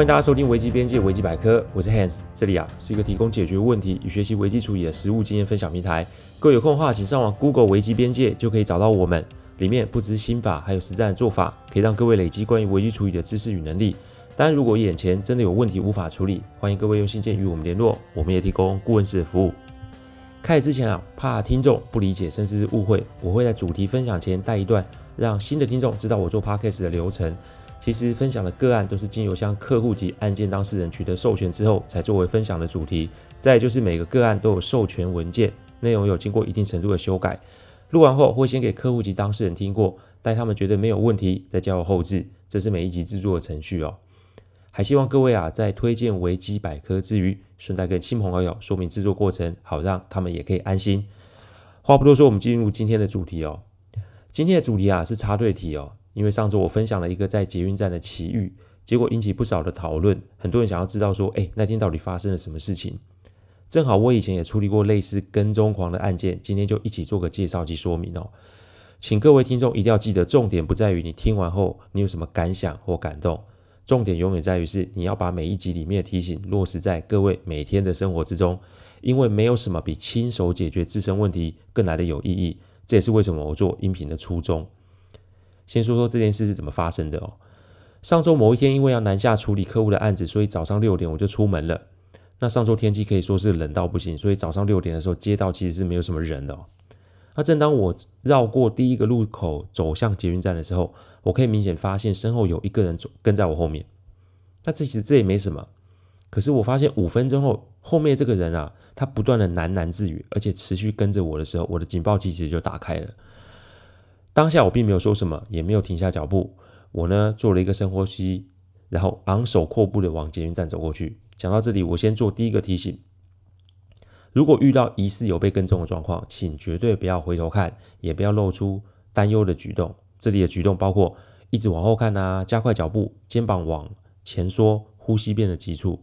歡迎大家收聽《維基邊界》維基百科，我是 Hans，這裡啊是一個提供解決問題與學習維基處理的實物經驗分享平台。各位有空的話，請上網 Google 維基邊界，就可以找到我們。裡面不知心法，還有實戰的做法，可以讓各位累積關於維基處理的知識與能力。當然，如果眼前真的有問題無法處理，歡迎各位用信件與我們聯絡，我們也提供顧問式的服務。開始之前啊，怕聽眾不理解甚至是誤會，我會在主題分享前帶一段，讓新的聽眾知道我做 podcast 的流程。其實分享的個案都是經由向客戶及案件當事人取得授權之後，才作為分享的主題。再也就是每個個案都有授權文件，內容有經過一定程度的修改。錄完後會先給客戶及當事人聽過，待他們覺得沒有問題，再交由後製。這是每一集製作的程序哦。還希望各位啊，在推薦維基百科之餘，順帶跟親朋好友說明製作過程，好讓他們也可以安心。話不多說，我們進入今天的主題哦。今天的主題啊，是插隊題哦。因為上周我分享了一個在捷運站的奇遇，結果引起不少的討論，很多人想要知道說，誒，那天到底發生了什麼事情？正好我以前也處理過類似跟蹤狂的案件，今天就一起做個介紹及說明哦。請各位聽眾一定要記得，重點不在於你聽完後你有什麼感想或感動，重點永遠在於是你要把每一集裡面的提醒落實在各位每天的生活之中，因為沒有什麼比親手解決自身問題更來得有意義。這也是為什麼我做音頻的初衷。先說說這件事是怎麼發生的哦。上周某一天，因為要南下處理客戶的案子，所以早上六點我就出門了。那上周天氣可以說是冷到不行，所以早上六點的時候，街道其實是沒有什麼人的哦。那正當我繞過第一個路口，走向捷運站的時候，我可以明顯發現身後有一個人走跟在我後面。那這其實這也沒什麼，可是我發現五分鐘後，後面這個人啊，他不斷的喃喃自語，而且持續跟着我的時候，我的警報器其實就打開了。當下我並沒有說什麼，也沒有停下腳步。我呢做了一個深呼吸，然後昂首闊步地往捷運站走過去。講到這裡，我先做第一個提醒：如果遇到疑似有被跟蹤的狀況，請絕對不要回頭看，也不要露出擔憂的舉動。這裡的舉動包括一直往後看啊，加快腳步，肩膀往前縮，呼吸變得急促。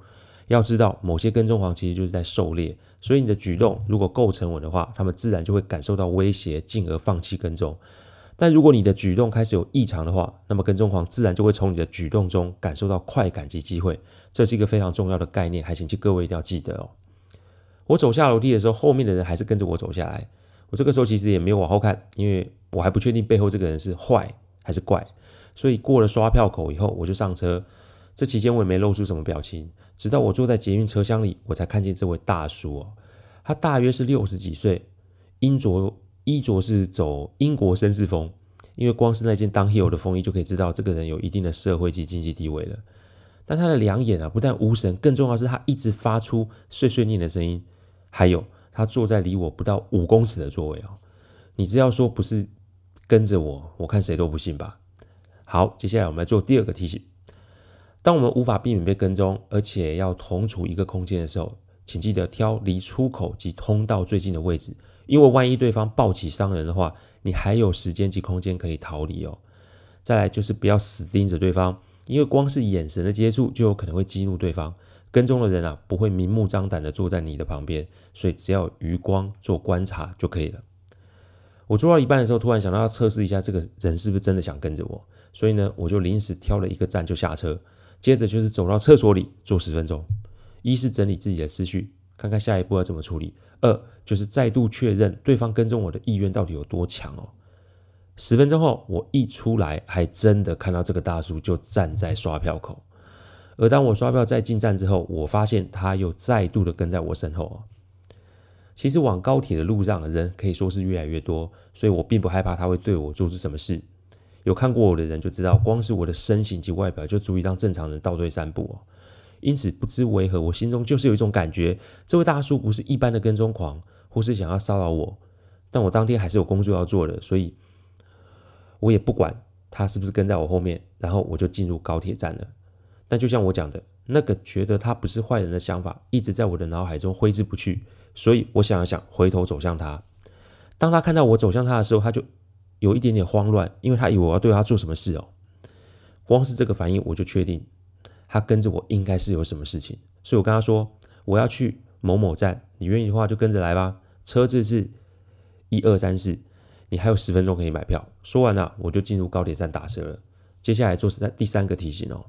要知道，某些跟蹤狂其實就是在狩獵，所以你的舉動如果夠沉穩的話，他們自然就會感受到威脅，進而放棄跟蹤。但如果你的舉動開始有異常的話，那麼跟蹤狂自然就會從你的舉動中感受到快感及機會，這是一個非常重要的概念，還請各位一定要記得哦。我走下樓梯的時候，後面的人還是跟着我走下來。我這個時候其實也沒有往後看，因為我還不確定背後這個人是壞還是怪。所以過了刷票口以後，我就上車。這期間我也沒露出什麼表情，直到我坐在捷運車廂裡，我才看見這位大叔哦。他大約是六十幾歲，衣著。衣着是走英國紳士風，因為光是那件當 hero 的風衣就可以知道這個人有一定的社會及經濟地位了。但他的兩眼啊，不但無神，更重要的是他一直發出碎碎念的聲音。還有，他坐在離我不到五公尺的座位啊、哦，你只要說不是跟着我，我看誰都不信吧。好，接下來我們來做第二個提醒：當我們無法避免被跟蹤，而且要同處一個空間的時候，請記得挑離出口及通道最近的位置。因為萬一對方暴起傷人的話，你還有時間及空間可以逃離哦。再來就是不要死盯着對方，因為光是眼神的接觸就有可能會激怒對方。跟蹤的人啊，不會明目張膽的坐在你的旁邊，所以只要餘光做觀察就可以了。我坐到一半的時候，突然想到要測試一下這個人是不是真的想跟着我，所以呢，我就臨時挑了一個站就下車，接着就是走到廁所裡坐十分鐘，一是整理自己的思緒。看看下一步要怎麼處理。二就是再度確認對方跟蹤我的意願到底有多強哦。十分鐘後，我一出來，還真的看到這個大叔就站在刷票口。而當我刷票在進站之後，我發現他又再度的跟在我身後哦。其實往高鐵的路上，人可以說是越來越多，所以我並不害怕他會對我做出什麼事。有看過我的人就知道，光是我的身形及外表就足以讓正常人倒退三步哦。因此，不知為何，我心中就是有一種感覺，這位大叔不是一般的跟蹤狂，或是想要騷擾我。但我當天還是有工作要做的，所以我也不管他是不是跟在我後面。然後我就進入高鐵站了。但就像我講的，那個覺得他不是壞人的想法一直在我的腦海中揮之不去。所以我想了想，回頭走向他。當他看到我走向他的時候，他就有一點點慌亂，因為他以為我要對他做什麼事哦、喔。光是這個反應，我就確定。他跟着我應該是有什麼事情，所以我跟他說：“我要去某某站，你願意的話就跟着來吧。”車子是一二三四，你還有十分鐘可以買票。說完了，我就進入高鐵站打車了。接下來做三第三個提醒哦：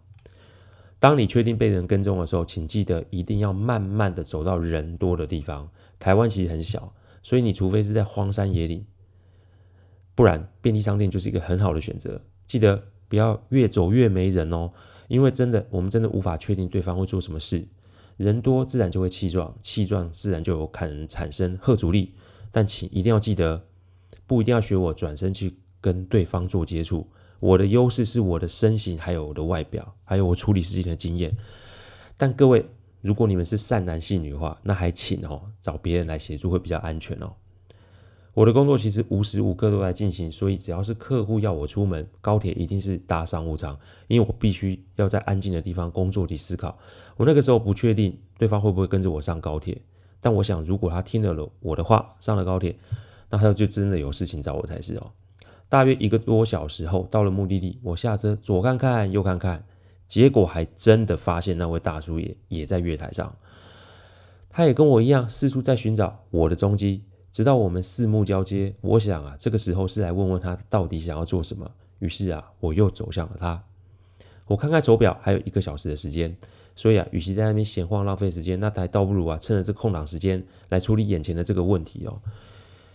當你確定被人跟蹤的時候，請記得一定要慢慢的走到人多的地方。台灣其實很小，所以你除非是在荒山野嶺，不然便利商店就是一個很好的選擇。記得不要越走越沒人哦。因為真的，我們真的無法確定對方會做什麼事。人多自然就會氣壯，氣壯自然就有可能產生嚇阻力。但請一定要記得，不一定要學我轉身去跟對方做接觸。我的優勢是我的身形，還有我的外表，還有我處理事情的經驗。但各位，如果你們是善男信女的話，那還請哦，找別人來協助會比較安全哦。我的工作其實無時無刻都在進行，所以只要是客戶要我出門，高鐵一定是搭商務艙，因為我必須要在安靜的地方工作及思考。我那個時候不確定對方會不會跟着我上高鐵，但我想如果他聽了了我的話，上了高鐵，那他就真的有事情找我才是哦。大約一個多小時後，到了目的地，我下車左看看右看看，結果還真的發現那位大叔也也在月台上，他也跟我一樣四處在尋找我的蹤跡。直到我們四目交接，我想啊，這個時候是來問問他到底想要做什麼。於是啊，我又走向了他。我看看手表，還有一個小時的時間，所以啊，與其在那邊閒晃浪費時間，那還倒不如啊，趁着這空檔時間來處理眼前的這個問題哦。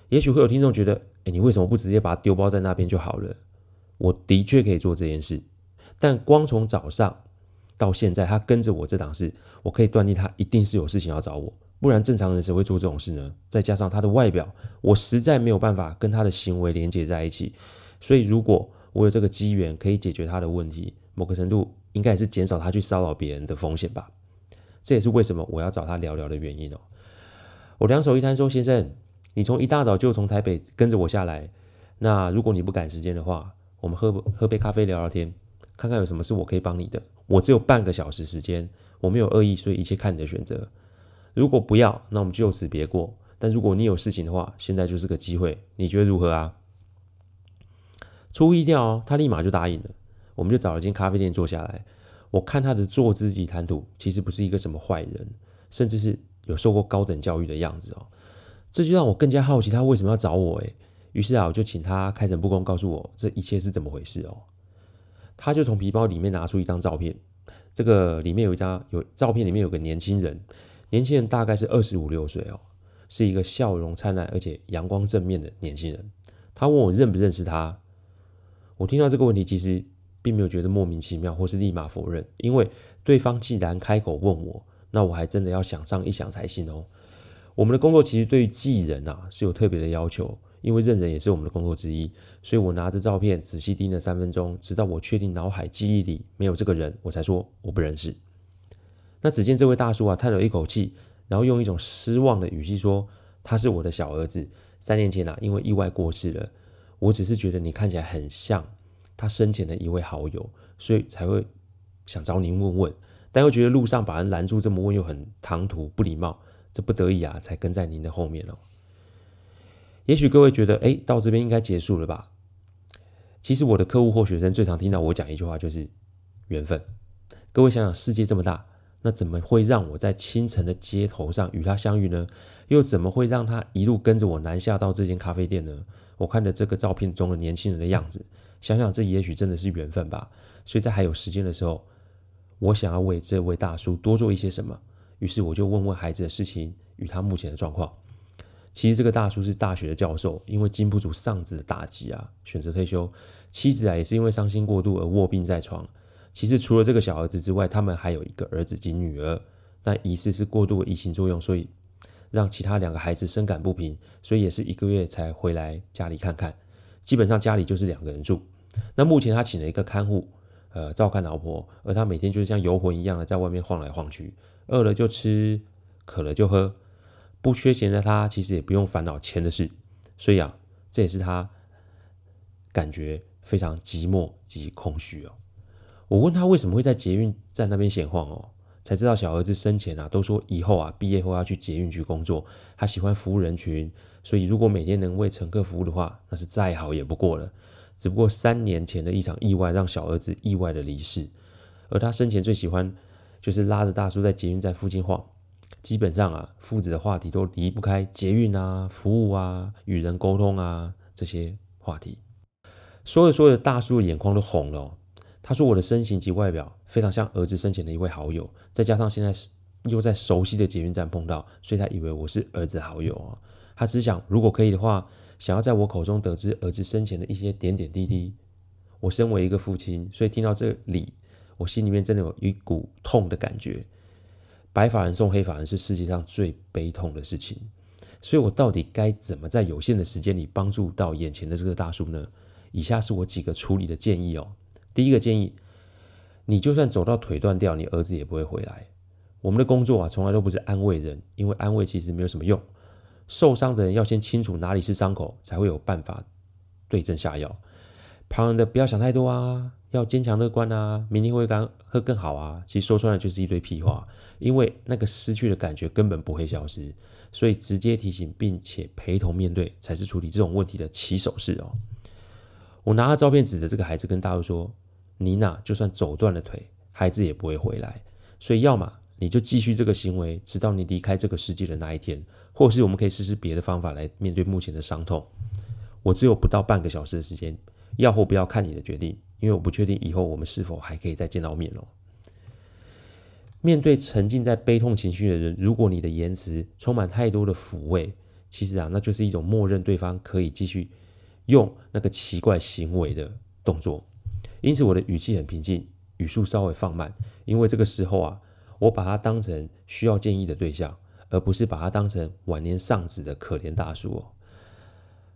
也許會有聽眾覺得，哎，你為什麼不直接把它丟包在那邊就好了？我的確可以做這件事，但光從早上到現在，他跟着我這檔事，我可以斷定他一定是有事情要找我。不然正常人誰會做這種事呢？再加上他的外表，我實在沒有辦法跟他的行為連接在一起。所以，如果我有這個機緣可以解決他的問題，某個程度應該也是減少他去騷擾別人的風險吧。這也是為什麼我要找他聊聊的原因哦。我兩手一攤說：“先生，你從一大早就從台北跟着我下來，那如果你不趕時間的話，我們喝喝杯咖啡聊聊天，看看有什麼是我可以幫你的。我只有半個小時時間，我沒有惡意，所以一切看你的選擇。”如果不要，那我們就此別過。但如果你有事情的話，現在就是個機會，你覺得如何啊？出乎意料哦，啊，他立馬就答應了。我們就找了一間咖啡店坐下來。我看他的坐姿及談吐，其實不是一個什麼壞人，甚至是有受過高等教育的樣子哦。這就讓我更加好奇，他為什麼要找我誒？誒，於是啊，我就請他開誠布公，告訴我這一切是怎麼回事哦。他就從皮包裡面拿出一張照片，這個裡面有一張有照片，裡面有個年輕人。年輕人大概是二十五六歲哦，是一個笑容燦爛而且陽光正面的年輕人。他問我認不認識他，我聽到這個問題，其實並沒有覺得莫名其妙或是立馬否認，因為對方既然開口問我，那我還真的要想上一想才行哦。我們的工作其實對於記人啊是有特別的要求，因為認人也是我們的工作之一，所以我拿着照片仔細盯了三分鐘，直到我確定腦海記憶裡沒有這個人，我才說我不認識。那只見這位大叔啊，嘆了一口氣，然後用一種失望的語氣說：“他是我的小兒子，三年前啊，因為意外過世了。我只是覺得你看起來很像他生前的一位好友，所以才會想找您問問。但又覺得路上把人攔住這麼問又很唐突，不禮貌，這不得已啊，才跟在您的後面了哦。也許各位覺得，誒，到這邊應該結束了吧？其實我的客戶或學生最常聽到我講一句話，就是緣分。各位想想，世界這麼大。”那怎麼會讓我在清晨的街頭上與他相遇呢？又怎麼會讓他一路跟着我南下到這間咖啡店呢？我看着這個照片中的年輕人的樣子，想想這也許真的是緣分吧。所以在還有時間的時候，我想要為這位大叔多做一些什麼。於是我就問問孩子的事情，與他目前的狀況。其實這個大叔是大學的教授，因為經不住喪子的打擊啊，選擇退休。妻子啊，也是因為傷心過度而臥病在床。其實除了這個小兒子之外，他們還有一個兒子及女兒。但疑似是過度的移情作用，所以讓其他兩個孩子深感不平。所以也是一個月才回來家裡看看。基本上家裡就是兩個人住。那目前他請了一個看護，呃，照看老婆，而他每天就是像遊魂一樣的在外面晃來晃去，餓了就吃，渴了就喝。不缺錢的他，其實也不用煩惱錢的事。所以啊，這也是他感覺非常寂寞及空虛哦。我問他為什麼會在捷運站那邊閒晃哦，才知道小兒子生前啊都說以後啊畢業後要去捷運局工作，他喜歡服務人群，所以如果每天能為乘客服務的話，那是再好也不過了。只不過三年前的一場意外讓小兒子意外的離世，而他生前最喜歡就是拉着大叔在捷運站附近晃，基本上啊父子的話題都離不開捷運啊、服務啊、與人溝通啊這些話題，說着說着大叔的眼眶都紅了哦。他說：“我的身形及外表非常像兒子生前的一位好友，再加上現在又在熟悉的捷運站碰到，所以他以為我是兒子好友啊。他只想如果可以的話，想要在我口中得知兒子生前的一些點點滴滴。我身為一個父親，所以聽到這裡，我心裡面真的有一股痛的感覺。白髮人送黑髮人是世界上最悲痛的事情，所以我到底該怎麼在有限的時間裡幫助到眼前的這個大叔呢？以下是我幾個處理的建議哦。”第一個建議，你就算走到腿斷掉，你兒子也不會回來。我們的工作啊，從來都不是安慰人，因為安慰其實沒有什麼用。受傷的人要先清楚哪裡是傷口，才會有辦法對症下藥。旁人的不要想太多啊，要堅強樂觀啊，明天會更會更好啊。其實說穿了就是一堆屁話，因為那個失去的感覺根本不會消失。所以直接提醒，並且陪同面對，才是處理這種問題的起手式哦。我拿着照片指着這個孩子，跟大陸說。你那就算走斷了腿，孩子也不會回來。所以，要麼你就繼續這個行為，直到你離開這個世界的那一天，或是我們可以試試別的方法來面對目前的傷痛。我只有不到半個小時的時間，要或不要看你的決定，因為我不確定以後我們是否還可以再見到面了。面對沉浸在悲痛情緒的人，如果你的言辭充滿太多的撫慰，其實啊，那就是一種默認對方可以繼續用那個奇怪行為的動作。因此，我的語氣很平靜，語速稍微放慢，因為這個時候啊，我把他當成需要建議的對象，而不是把他當成晚年喪子的可憐大叔哦。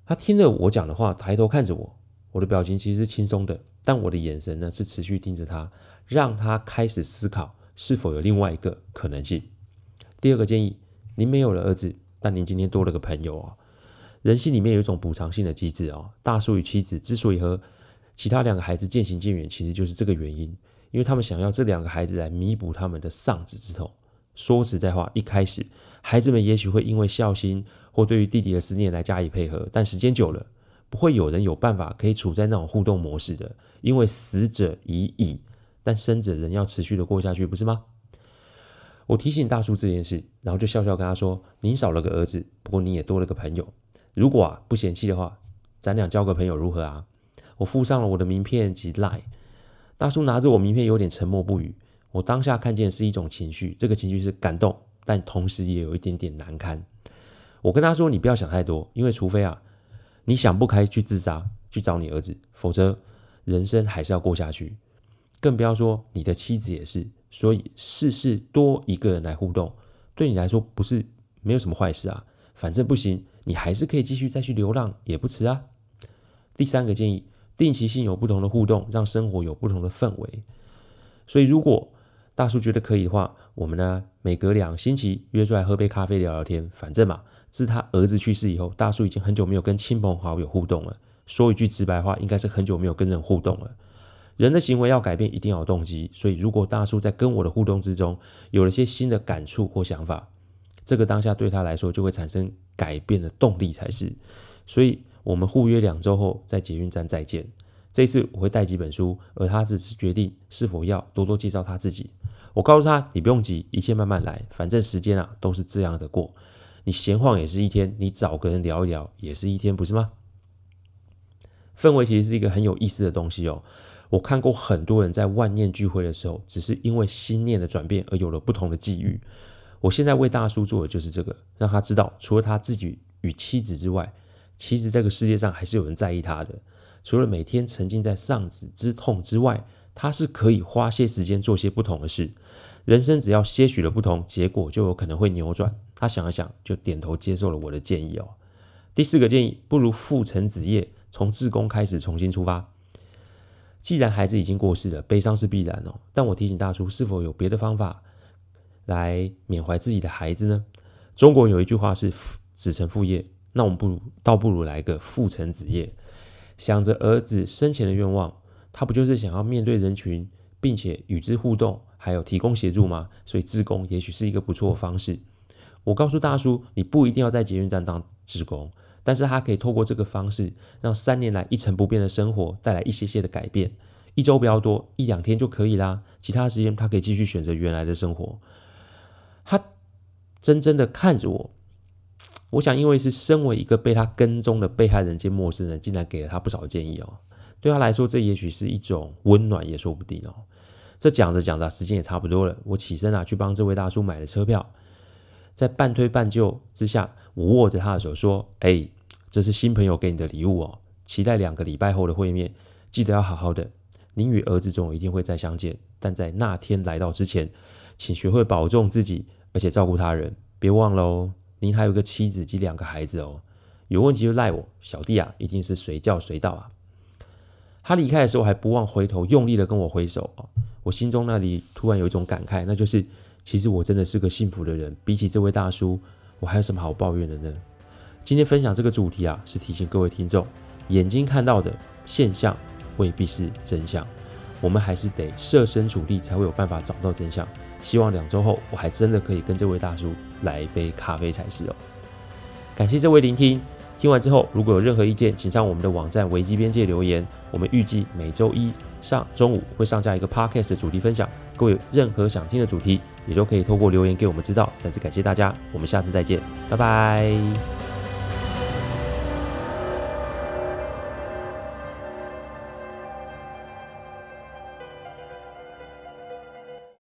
他聽着我講的話，抬頭看着我，我的表情其實是輕鬆的，但我的眼神呢是持續盯着他，讓他開始思考是否有另外一個可能性。第二個建議，您沒有了兒子，但您今天多了個朋友哦，人性裡面有一種補償性的機制哦，大叔與妻子之所以和。其他兩個孩子漸行漸遠，其實就是這個原因，因為他們想要這兩個孩子來彌補他們的喪子之痛。說實在話，一開始孩子們也許會因為孝心或對於弟弟的思念來加以配合，但時間久了，不會有人有辦法可以處在那種互動模式的，因為死者已矣，但生者仍要持續的過下去，不是嗎？我提醒大叔這件事，然後就笑笑跟他說：“你少了個兒子，不過你也多了個朋友。如果啊，不嫌棄的話，咱倆交個朋友如何啊？”我附上了我的名片及 Line，大叔拿着我名片有點沉默不語。我當下看見的是一種情緒，這個情緒是感動，但同時也有一點點難堪。我跟他說：“你不要想太多，因為除非啊，你想不開去自殺去找你兒子，否則人生還是要過下去。更不要說你的妻子也是。所以，事事多一個人來互動，對你來說不是沒有什麼壞事啊。反正不行，你還是可以繼續再去流浪也不遲啊。”第三個建議。定期性有不同的互動，讓生活有不同的氛圍。所以，如果大叔覺得可以的話，我們呢每隔兩星期約出來喝杯咖啡聊聊天。反正嘛，自他兒子去世以後，大叔已經很久沒有跟親朋好友互動了。說一句直白話，應該是很久沒有跟人互動了。人的行為要改變，一定要有動機。所以，如果大叔在跟我的互動之中有了些新的感觸或想法，這個當下對他來說就會產生改變的動力才是。所以。我們互約兩周後在捷運站再見。這次我會帶幾本書，而他只是決定是否要多多介紹他自己。我告訴他，你不用急，一切慢慢來，反正時間啊都是這樣的過。你閒晃也是一天，你找個人聊一聊也是一天，不是嗎？氛圍其實是一個很有意思的東西哦。我看過很多人在萬念俱灰的時候，只是因為心念的轉變而有了不同的際遇。我現在為大叔做的就是這個，讓他知道，除了他自己與妻子之外。其實這個世界上還是有人在意他的，除了每天沉浸在喪子之痛之外，他是可以花些時間做些不同的事。人生只要些許的不同，結果就有可能會扭轉。他想了想，就點頭接受了我的建議哦。第四個建議，不如父承子業，從志工開始重新出發。既然孩子已經過世了，悲傷是必然哦。但我提醒大叔，是否有別的方法來緬懷自己的孩子呢？中國有一句話是“子承父業”。那我們不如，倒不如來個父承子業，想着兒子生前的願望，他不就是想要面對人群，並且與之互動，還有提供協助嗎？所以，志工也許是一個不錯的方式。我告訴大叔，你不一定要在捷運站當志工，但是他可以透過這個方式，讓三年來一成不變的生活帶來一些些的改變。一週不要多，一兩天就可以啦，其他時間他可以繼續選擇原來的生活。他怔怔的看着我。我想，因為是身為一個被他跟蹤的被害人兼陌生人，竟然給了他不少建議哦。對他來說，這也許是一種溫暖，也說不定哦。這講着講着，時間也差不多了，我起身啊，去幫這位大叔買了車票。在半推半就之下，我握着他的手說：“哎，這是新朋友給你的禮物哦，期待兩個禮拜後的會面。記得要好好的，您與兒子總有一天一定會再相見。但在那天來到之前，請學會保重自己，而且照顧他人，別忘了哦。”您還有一個妻子及兩個孩子哦，有問題就賴我，小弟啊，一定是隨叫隨到啊。他離開的時候還不忘回頭，用力的跟我揮手。我心中那裡突然有一種感慨，那就是其實我真的是個幸福的人。比起這位大叔，我還有什麼好抱怨的呢？今天分享這個主題啊，是提醒各位聽眾，眼睛看到的現象未必是真相。我們還是得設身處地，才會有辦法找到真相。希望兩週後，我還真的可以跟這位大叔來一杯咖啡才是哦。感謝各位聆聽，聽完之後如果有任何意見，請上我們的網站《危機邊界》留言。我們預計每週一上中午會上架一個 podcast 的主題分享，各位有任何想聽的主題也都可以透過留言給我們知道。再次感謝大家，我們下次再見，拜拜。